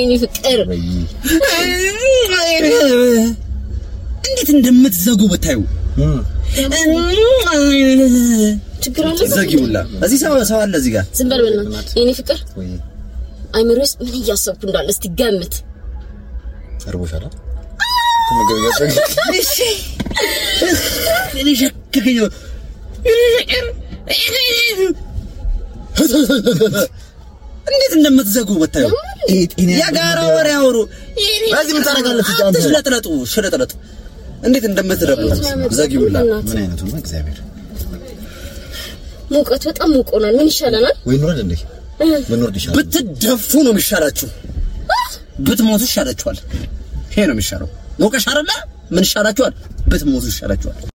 የኔ ፍቅር እንዴት እንደምትዘጉ ብታዩ። ችግር እዚህ ሰው ሰው አለ እዚህ ጋር ዝም በል በእናትህ የኔ ፍቅር። አይምሮ ውስጥ ምን እያሰብኩ እንዳለ እስቲ ገምት። እርቦሻል እንዴት እንደምትዘጉ ወታዩ የጋራ ወሬ አውሩ። በዚህ ምን ታደርጋለህ? አትሽለጥለጡ፣ ሽለጥለጥ እንዴት እንደምትደብሉት ዘጊውላ። ምን አይነቱ ነው? እግዚአብሔር ሙቀት በጣም ሙቆ ነው። ምን ይሻለናል? ወይ እንወርድ ምን ብንወርድ ይሻላል። ብትደፉ ነው የሚሻላችሁ፣ ብትሞቱ ይሻላችኋል። ይሄ ነው የሚሻለው። ሞቀሽ አይደለ? ምን ይሻላችኋል? ብትሞቱ ይሻላችኋል።